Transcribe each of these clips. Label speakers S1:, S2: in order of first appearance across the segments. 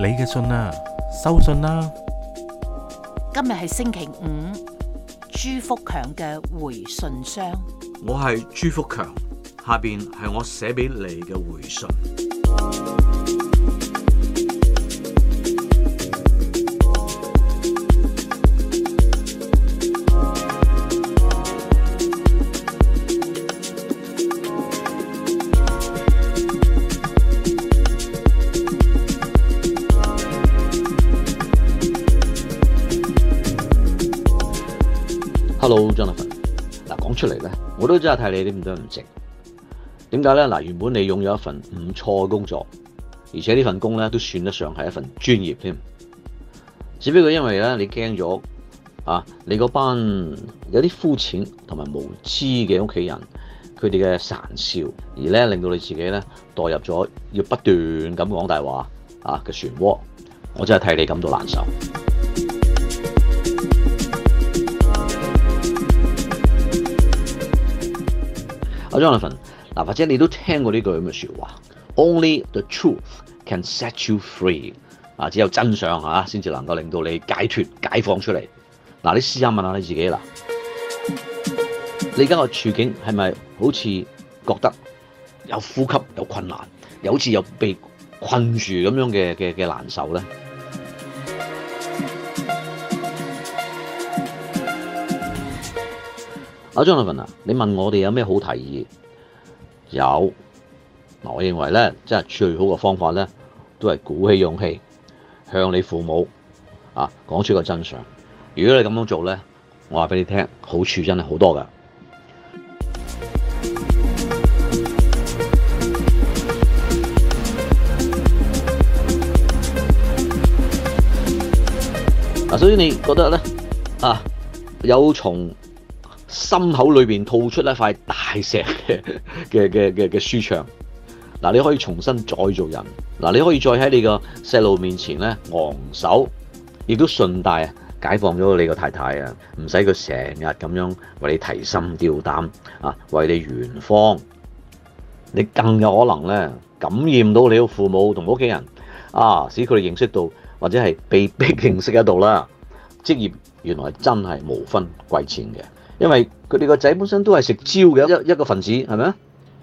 S1: 你嘅信啊，收信啦、
S2: 啊！今日係星期五，朱福強嘅回信箱。
S1: 我係朱福強，下面係我寫畀你嘅回信。hello，Jonathan，嗱講出嚟咧，我都真係替你啲咁多唔值。點解咧？嗱，原本你擁有一份唔錯嘅工作，而且呢份工咧都算得上係一份專業添。只不過因為咧你驚咗啊，你嗰班有啲膚淺同埋無知嘅屋企人，佢哋嘅訕笑，而咧令到你自己咧墮入咗要不斷咁講大話啊嘅漩渦，我真係替你感到難受。Jonathan，嗱，或者你都聽過呢句咁嘅説話，Only the truth can set you free。啊，只有真相嚇先至能夠令到你解脫、解放出嚟。嗱，你試下問下你自己啦，你而家個處境係咪好似覺得有呼吸有困難，又好似有被困住咁樣嘅嘅嘅難受咧？阿 Jonathan 啊，你問我哋有咩好提議？有嗱，我認為咧，即係最好嘅方法咧，都係鼓起勇氣向你父母啊講出個真相。如果你咁樣做咧，我話俾你聽，好處真係好多噶。啊，所以你覺得咧啊，有從？心口裏邊吐出一塊大石嘅嘅嘅嘅舒暢嗱，你可以重新再做人嗱，你可以再喺你個細路面前咧昂首，亦都順帶解放咗你個太太啊，唔使佢成日咁樣為你提心吊膽啊，為你圓方，你更有可能咧感染到你個父母同屋企人啊，使佢哋認識到或者係被逼認識喺度啦。職業原來真係無分貴賤嘅。因為佢哋個仔本身都係食蕉嘅一一,一個分子，係咪啊？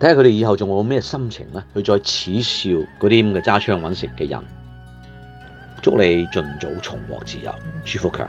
S1: 睇下佢哋以後仲有咩心情呢？去再恥笑嗰啲咁嘅揸槍揾食嘅人。祝你盡早重獲自由，朱福強。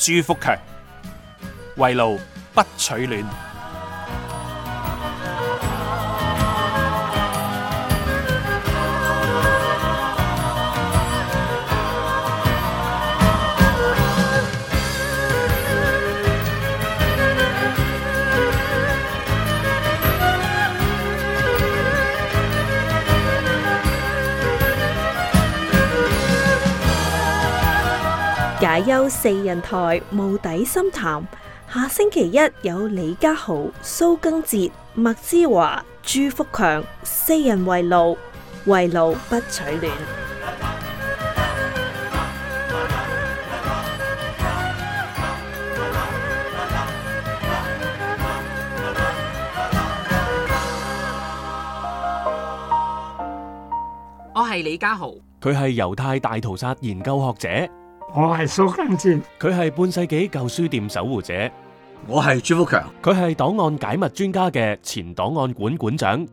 S1: 朱福強，圍爐不取暖。
S2: 解憂四人台，無底深潭。下星期一有李家豪、蘇更哲、麥之華、朱福強，四人圍爐，圍爐不取暖。
S1: 我係李家豪，佢係猶太大屠殺研究學者。我係蘇根志，佢係半世紀舊書店守護者。我係朱福強，佢係檔案解密專家嘅前檔案館館長。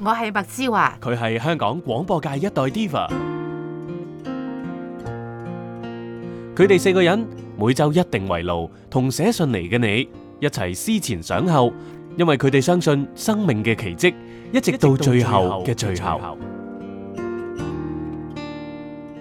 S2: 我係麥之華，
S1: 佢係香港廣播界一代 diva。佢哋四個人每周一定圍爐，同寫信嚟嘅你一齊思前想後，因為佢哋相信生命嘅奇蹟，一直到最後嘅最後。